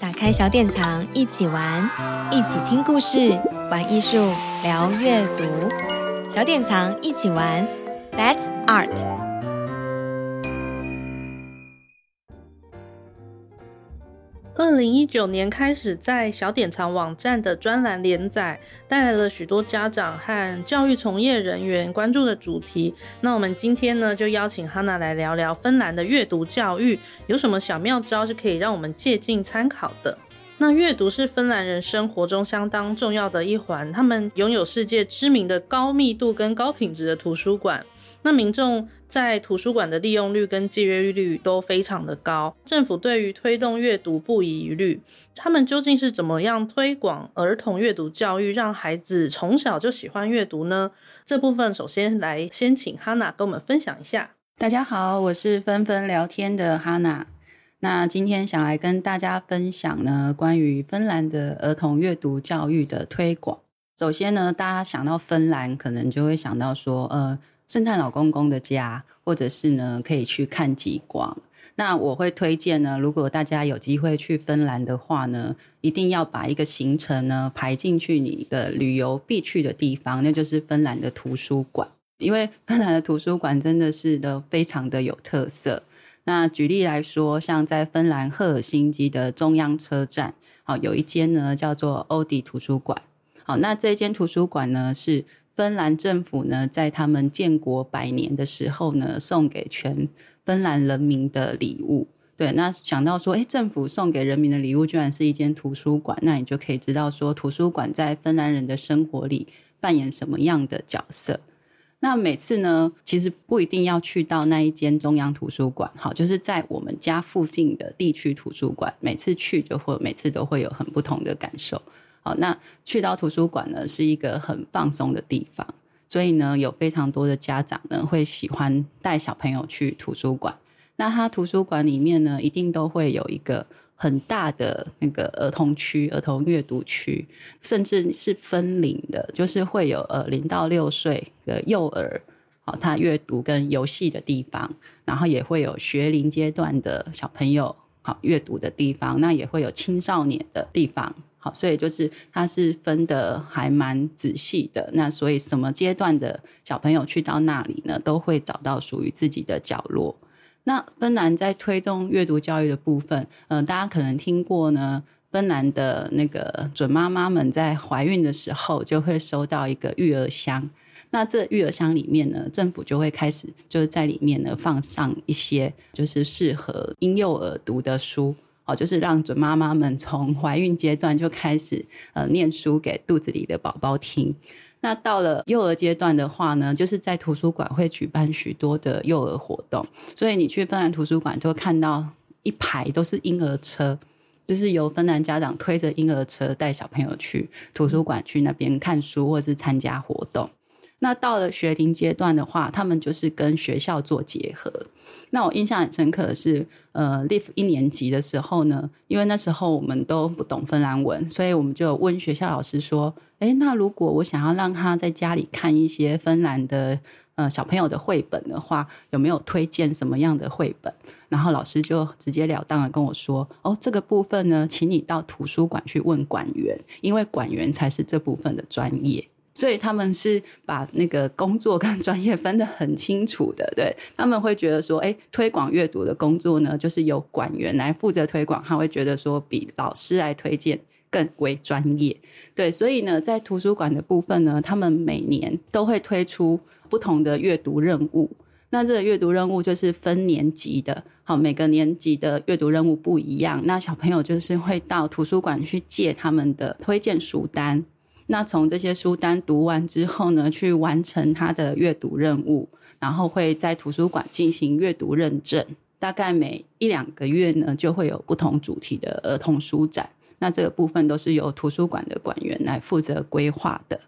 打開小典藏，一起玩，一起聽故事，玩藝術，聊閱讀。小典藏，一起玩 Let's Art。二零一九年開始，在小典藏網站的專欄連載，帶來了許多家長和教育從業人員關注的主題。那我們今天呢，就邀請哈娜來聊聊芬蘭的閱讀教育，有什麼小妙招是可以讓我們借鑑參考的？那閱讀是芬蘭人生活中相當重要的一環，他們擁有世界知名的高密度跟高品質的圖書館，那民眾。在圖書館的利用率跟借閱率，率都非常的高，政府對於推動閱讀不遺餘力。他們究竟是怎麼樣推廣兒童閱讀教育，讓孩子從小就喜歡閱讀呢？這部分首先來先請 Hana 跟我們分享一下。大家好，我是芬紛聊天的 Hana。那今天想來跟大家分享呢，關於芬蘭的兒童閱讀教育的推廣。首先呢，大家想到芬蘭，可能就會想到說，呃。聖誕老公公的家，或者是呢，可以去看極光。那我會推薦呢，如果大家有機會去芬蘭的話呢，一定要把一個行程呢排進去，你的旅遊必去的地方，那就是芬蘭的圖書館，因為芬蘭的圖書館真的是都非常的有特色。那舉例來說，像在芬蘭赫爾辛基的中央車站，好，有一間呢叫做歐迪圖書館。好，那這間圖書館呢是。芬蘭政府呢，在他們建國百年的時候呢，送給全芬蘭人民的禮物。對，那想到說，誒，政府送給人民的禮物居然是一間圖書館，那你就可以知道說，圖書館在芬蘭人的生活裡扮演什麼樣的角色。那每次呢，其實不一定要去到那一間中央圖書館，好，就是在我們家附近的地區圖書館，每次去就會每次都會有很不同的感受。那去到圖書館呢，是一個很放鬆的地方，所以呢，有非常多的家長呢會喜歡帶小朋友去圖書館。那他圖書館裡面呢，一定都會有一個很大的那個兒童區、兒童閱讀區，甚至是分齡的，就是會有呃零到六歲的幼兒，好，他閱讀跟遊戲的地方，然後也會有學齡階段的小朋友好閱讀的地方，那也會有青少年的地方。好，所以就是它是分得還蠻仔細的，那所以什麼階段的小朋友去到那裡呢，都會找到屬於自己的角落。那芬蘭在推動閱讀教育的部分，呃，大家可能聽過呢，芬蘭的那個準媽媽們在懷孕的時候就會收到一個育兒箱，那這育兒箱裡面呢，政府就會開始就是在裡面呢放上一些就是適合嬰幼兒讀的書。就是讓準媽媽們從懷孕階段就開始呃念書給肚子裡的寶寶聽。那到了幼兒階段的話呢，就是在圖書館會舉辦許多的幼兒活動，所以你去芬蘭圖書館就會看到一排都是嬰兒車，就是由芬蘭家長推着嬰兒車帶小朋友去圖書館去那邊看書或是參加活動。那到了學齡階段的話，他們就是跟學校做結合。那我印象很深刻的是，呃，Liv 一年級的時候呢，因為那時候我們都不懂芬蘭文，所以我們就問學校老師說：“哎、欸，那如果我想要讓他在家裡看一些芬蘭的呃小朋友的繪本的話，有沒有推薦什麼樣的繪本？”然後老師就直截了當地跟我說：“哦，這個部分呢，請你到圖書館去問館員，因為館員才是這部分的專業。”所以他們是把那個工作跟專業分得很清楚的，對，他們會覺得說，哎，推廣閱讀的工作呢，就是由館員來負責推廣，他會覺得說比老師來推薦更為專業。對，所以呢，在圖書館的部分呢，他們每年都會推出不同的閱讀任務。那這個閱讀任務就是分年級的，好，每個年級的閱讀任務不一樣。那小朋友就是會到圖書館去借他們的推薦書單。那從這些書單讀完之後呢，去完成他的閱讀任務，然後會在圖書館進行閱讀認證。大概每一兩個月呢，就會有不同主題的兒童書展。那這個部分都是由圖書館的館員來負責規劃的。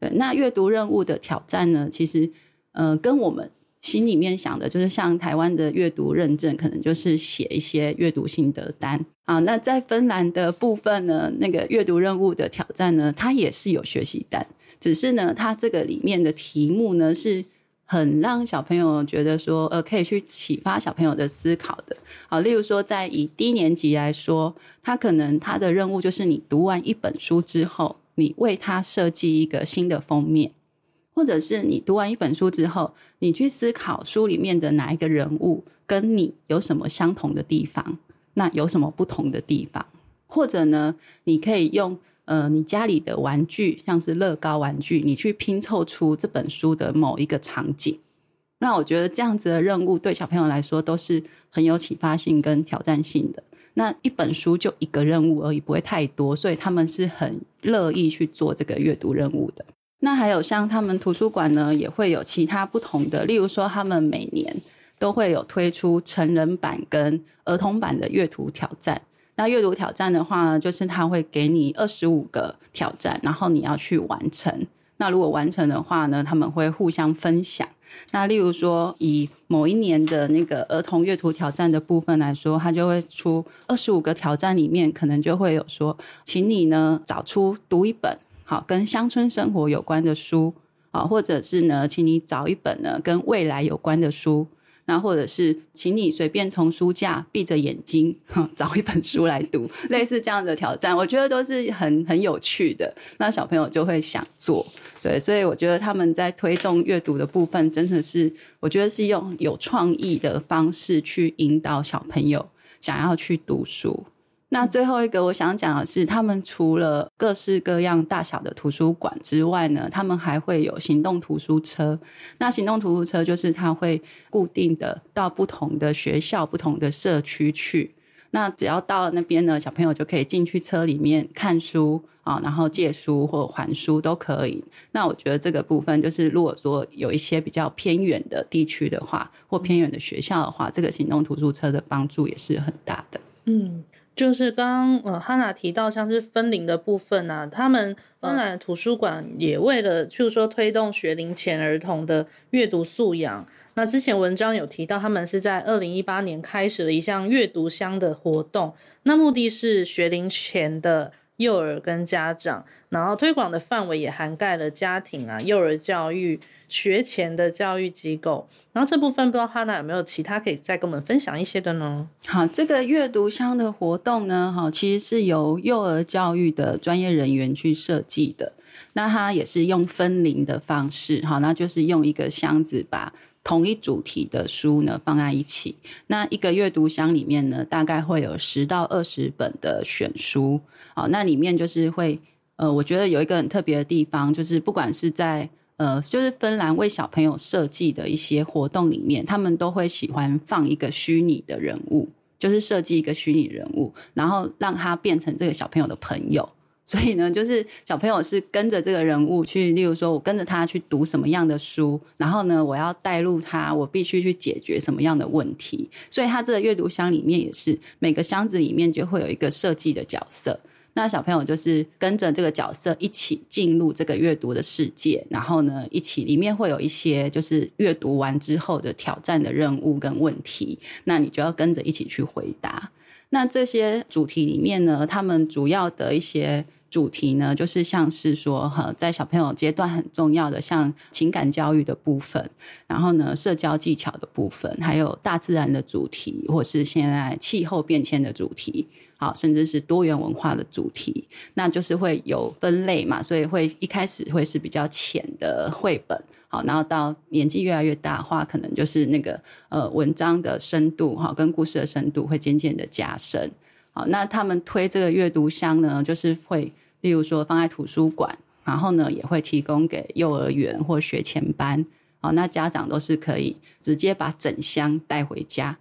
對，那閱讀任務的挑戰呢，其實，嗯、呃，跟我們。心裡面想的就是，像台灣的閱讀認證，可能就是寫一些閱讀心得單啊。那在芬蘭的部分呢，那個閱讀任務的挑戰呢，它也是有學習單，只是呢，它這個裡面的題目呢，是很讓小朋友覺得說，呃，可以去啟發小朋友的思考的。好，例如說，在以低年級來說，他可能他的任務就是，你讀完一本書之後，你為它設計一個新的封面。或者是你讀完一本書之後，你去思考書裡面的哪一個人物跟你有什麼相同的地方，那有什麼不同的地方？或者呢，你可以用呃你家裡的玩具，像是樂高玩具，你去拼湊出這本書的某一個場景。那我覺得這樣子的任務對小朋友來說都是很有啟發性跟挑戰性的。那一本書就一個任務而已，不會太多，所以他們是很樂意去做這個閱讀任務的。那還有像他們圖書館呢，也會有其他不同的，例如說他們每年都會有推出成人版跟兒童版的閱讀挑戰。那閱讀挑戰的話呢，就是他會給你二十五個挑戰，然後你要去完成。那如果完成的話呢，他們會互相分享。那例如說以某一年的那個兒童閱讀挑戰的部分來說，他就會出二十五個挑戰，裡面可能就會有說，請你呢找出讀一本。好，跟鄉村生活有關的書，好，或者是呢，請你找一本呢跟未來有關的書，那或者是，請你隨便從書架閉着眼睛找一本書來讀，類似這樣的挑戰，我覺得都是很很有趣的。那小朋友就會想做，對，所以我覺得他們在推動閱讀的部分，真的是我覺得是用有創意的方式去引導小朋友想要去讀書。那最後一個我想講的是，他們除了各式各樣大小的圖書館之外呢，他們還會有行動圖書車。那行動圖書車就是他會固定的到不同的學校、不同的社區去。那只要到那邊呢，小朋友就可以進去車裡面看書啊，然後借書或還書都可以。那我覺得這個部分就是，如果說有一些比較偏遠的地區的話，或偏遠的學校的話，這個行動圖書車的幫助也是很大的。嗯。就是剛剛呃，哈娜提到像是分齡的部分啊，他們芬蘭圖書館也為了，就是、嗯、說推動學齡前兒童的閱讀素養。那之前文章有提到，他們是在二零一八年開始了一項閱讀箱的活動，那目的是學齡前的幼兒跟家長，然後推廣的範圍也涵蓋了家庭啊、幼兒教育，學前的教育機構，然後這部分不知道哈娜有沒有其他可以再跟我們分享一些的呢？好，這個閱讀箱的活動呢，哈，其實是由幼兒教育的專業人員去設計的。那它也是用分齡的方式，哈，那就是用一個箱子把同一主題的書呢放在一起。那一個閱讀箱裡面呢，大概會有十到二十本的選書。好，那裡面就是會，呃，我覺得有一個很特別的地方，就是不管是在呃，就是芬蘭為小朋友設計的一些活動裡面，他們都會喜歡放一個虛擬的人物，就是設計一個虛擬人物，然後讓他變成這個小朋友的朋友。所以呢，就是小朋友是跟着這個人物去，例如說我跟着他去讀什麼樣的書，然後呢，我要帶入他，我必須去解決什麼樣的問題。所以，他這個閱讀箱裡面也是每個箱子裡面就會有一個設計的角色。那小朋友就是跟着這個角色一起進入這個閱讀的世界，然後呢，一期裡面會有一些就是閱讀完之後的挑戰的任務跟問題，那你就要跟着一起去回答。那這些主題裡面呢，他們主要的一些主題呢，就是像是說，哈，在小朋友階段很重要的，像情感教育的部分，然後呢，社交技巧的部分，還有大自然的主題，或是現在氣候變遷的主題。好，甚至是多元文化的主題，那就是會有分類嘛，所以會一開始會是比較淺的繪本，好，然後到年紀越來越大的話，話可能就是那個呃文章的深度哈，跟故事的深度會漸漸的加深。好，那他們推這個閱讀箱呢，就是會例如說放在圖書館，然後呢也會提供給幼兒園或學前班，好，那家長都是可以直接把整箱帶回家。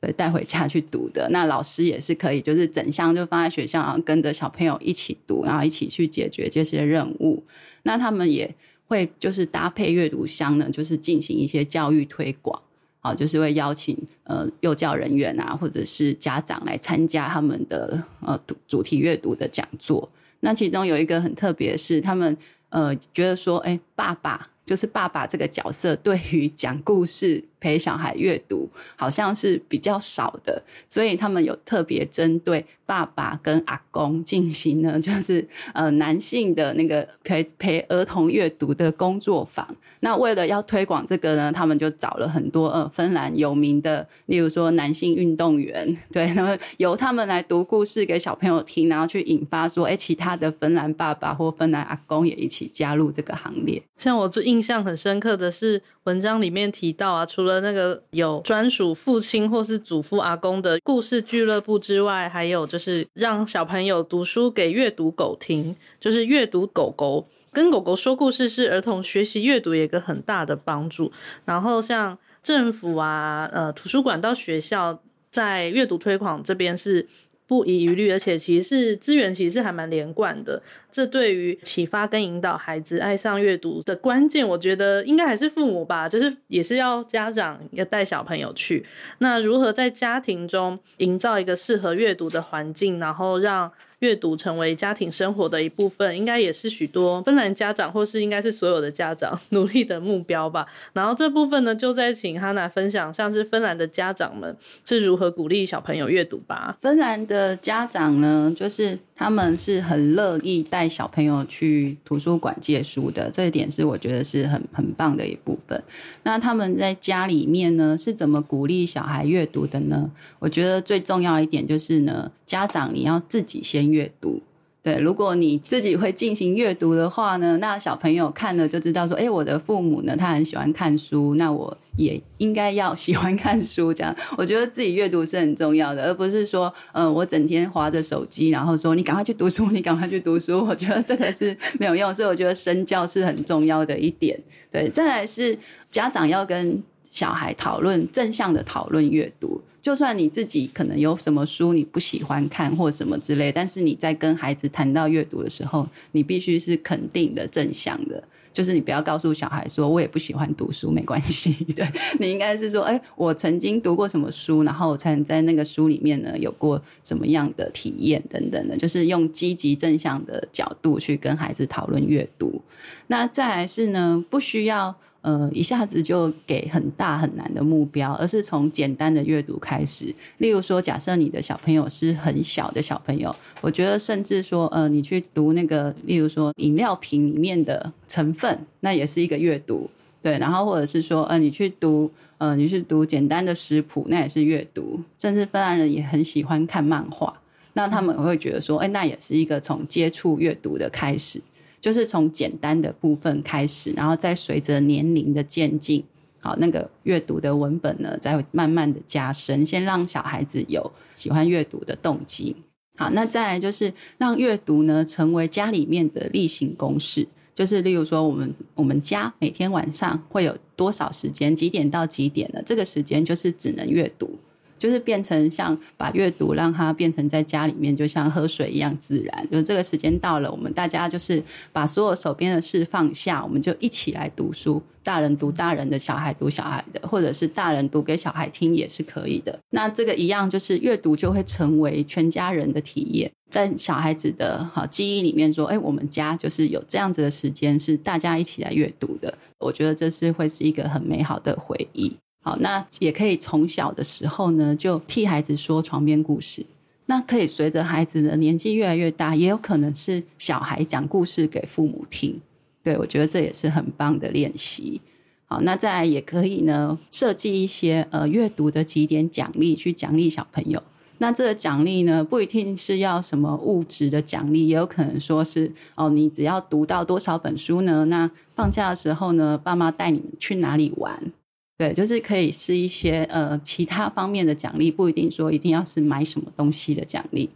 呃，帶回家去讀的。那老師也是可以，就是整箱就放在學校，然後跟着小朋友一起讀，然後一起去解決這些任務。那他們也會就是搭配閱讀箱呢，就是進行一些教育推廣。好、啊，就是會邀請呃幼教人員啊，或者是家長來參加他們的呃主題閱讀的講座。那其中有一個很特別是，是他們呃覺得說，哎，爸爸就是爸爸這個角色對於講故事。陪小孩閱讀好像是比較少的，所以他們有特別針對爸爸跟阿公進行呢，就是呃男性的那個陪陪兒童閱讀的工作坊。那為了要推廣這個呢，他們就找了很多呃芬蘭有名的，例如說男性運動員，對，然後由他們來讀故事給小朋友聽，然後去引發說，哎、欸，其他的芬蘭爸爸或芬蘭阿公也一起加入這個行列。像我最印象很深刻的是文章裡面提到啊，除了除了那個有專屬父親或是祖父阿公的故事俱樂部之外，還有就是讓小朋友讀書給閱讀狗聽，就是閱讀狗狗跟狗狗說故事是，是兒童學習閱讀有一個很大的幫助。然後像政府啊、呃圖書館到學校，在閱讀推廣這邊是。不遺餘力，而且其實是資源其實還蠻連貫的。這對於啟發跟引導孩子愛上閱讀的關鍵，我覺得應該還是父母吧，就是也是要家長要帶小朋友去。那如何在家庭中營造一個適合閱讀的環境，然後讓閱讀成為家庭生活的一部分，應該也是許多芬蘭家長，或是應該是所有的家長努力的目標吧。然後這部分呢，就再請哈娜分享，像是芬蘭的家長們是如何鼓勵小朋友閱讀吧。芬蘭的家長呢，就是他們是很樂意帶小朋友去圖書館借書的，這一點是我覺得是很很棒的一部分。那他們在家裡面呢，是怎麼鼓勵小孩閱讀的呢？我覺得最重要一點就是呢，家長你要自己先。閱讀，對，如果你自己會進行閱讀的話呢，那小朋友看了就知道說，哎、欸，我的父母呢，他很喜歡看書，那我也應該要喜歡看書。這樣，我覺得自己閱讀是很重要的，而不是說，嗯、呃，我整天滑着手機，然後說你趕快去讀書，你趕快去讀書。我覺得這個是沒有用，所以我覺得身教是很重要的一點。對，再來是家長要跟小孩討論正向的討論閱讀。就算你自己可能有什麼書你不喜歡看或什麼之類，但是你在跟孩子談到閱讀的時候，你必須是肯定的正向的，就是你不要告訴小孩說我也不喜歡讀書，沒關係。對你應該是說，哎、欸，我曾經讀過什麼書，然後我才能在那個書裡面呢有過什麼樣的體驗等等的，就是用積極正向的角度去跟孩子討論閱讀。那再來是呢，不需要。呃，一下子就給很大很難的目標，而是從簡單的閱讀開始。例如說，假設你的小朋友是很小的小朋友，我覺得甚至說，呃，你去讀那個，例如說飲料瓶裡面的成分，那也是一個閱讀。對，然後或者是說，呃，你去讀，呃，你去讀簡單的食譜，那也是閱讀。甚至芬蘭人也很喜歡看漫畫，那他們會覺得說，哎，那也是一個從接觸閱讀的開始。就是從簡單的部分開始，然後再隨着年齡的漸進，好，那個閱讀的文本呢，再慢慢的加深。先讓小孩子有喜歡閱讀的動機，好，那再來就是讓閱讀呢成為家裡面的例行公事。就是例如說，我們我們家每天晚上會有多少時間，幾點到幾點呢？這個時間就是只能閱讀。就是變成像把閱讀讓它變成在家裡面，就像喝水一樣自然。就這個時間到了，我們大家就是把所有手邊的事放下，我們就一起來讀書。大人讀大人的，小孩讀小孩的，或者是大人讀給小孩聽也是可以的。那這個一樣就是閱讀就會成為全家人的體驗，在小孩子的好記憶裡面說，哎，我們家就是有這樣子的時間是大家一起來閱讀的。我覺得這是會是一個很美好的回憶。好，那也可以從小的時候呢，就替孩子說床邊故事。那可以隨着孩子的年紀越來越大，也有可能是小孩講故事給父母聽。對，我覺得這也是很棒的練習。好，那再來也可以呢，設計一些呃閱讀的幾點獎勵，去獎勵小朋友。那這個獎勵呢，不一定是要什麼物質的獎勵，也有可能說是哦，你只要讀到多少本書呢？那放假的時候呢，爸媽帶你們去哪裡玩？對，就是可以是一些呃其他方面的獎勵，不一定說一定要是買什麼東西的獎勵。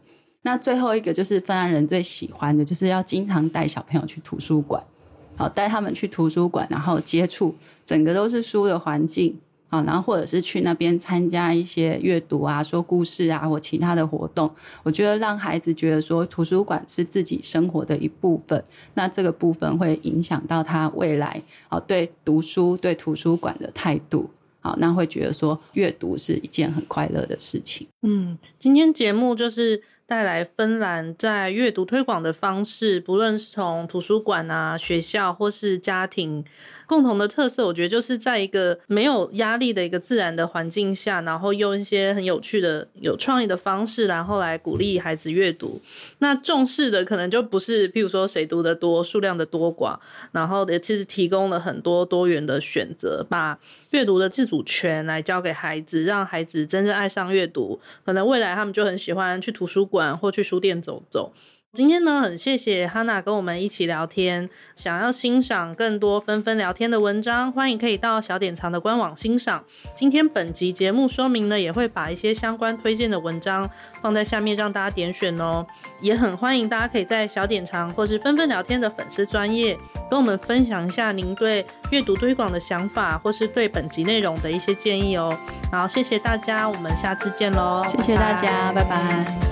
那最後一個就是芬蘭人最喜歡的就是要經常帶小朋友去圖書館，好，帶他們去圖書館，然後接觸整個都是書的環境。啊，然後或者是去那邊參加一些閱讀啊、說故事啊或其他的活動，我覺得讓孩子覺得說圖書館是自己生活的一部分，那這個部分會影響到他未來啊、哦、對讀書、對圖書館的態度啊，那會覺得說閱讀是一件很快樂的事情。嗯，今天節目就是，帶來，芬蘭在閱讀推廣的方式，不論是從圖書館啊、學校或是家庭，共同的特色，我覺得就是在一個沒有壓力的一個自然的環境下，然後用一些很有趣的、有創意的方式，然後來鼓勵孩子閱讀。那重視的可能就不是，譬如說誰讀的多、數量的多寡，然後也其實提供了很多多元的選擇，把閱讀的自主權來交給孩子，讓孩子真正愛上閱讀。可能未來他們就很喜歡去圖書館，或去書店走走。今天呢，很謝謝哈娜跟我們一起聊天。想要欣賞更多芬紛聊天的文章，歡迎可以到小典藏的官網欣賞。今天本集節目說明呢，也會把一些相關推薦的文章放在下面讓大家點選哦。也很歡迎大家可以在小典藏或是芬紛聊天的粉絲專頁跟我們分享一下您對閱讀推廣的想法，或是對本集內容的一些建議哦。然後謝謝大家，我們下次見嘍！謝謝大家，拜拜。拜拜。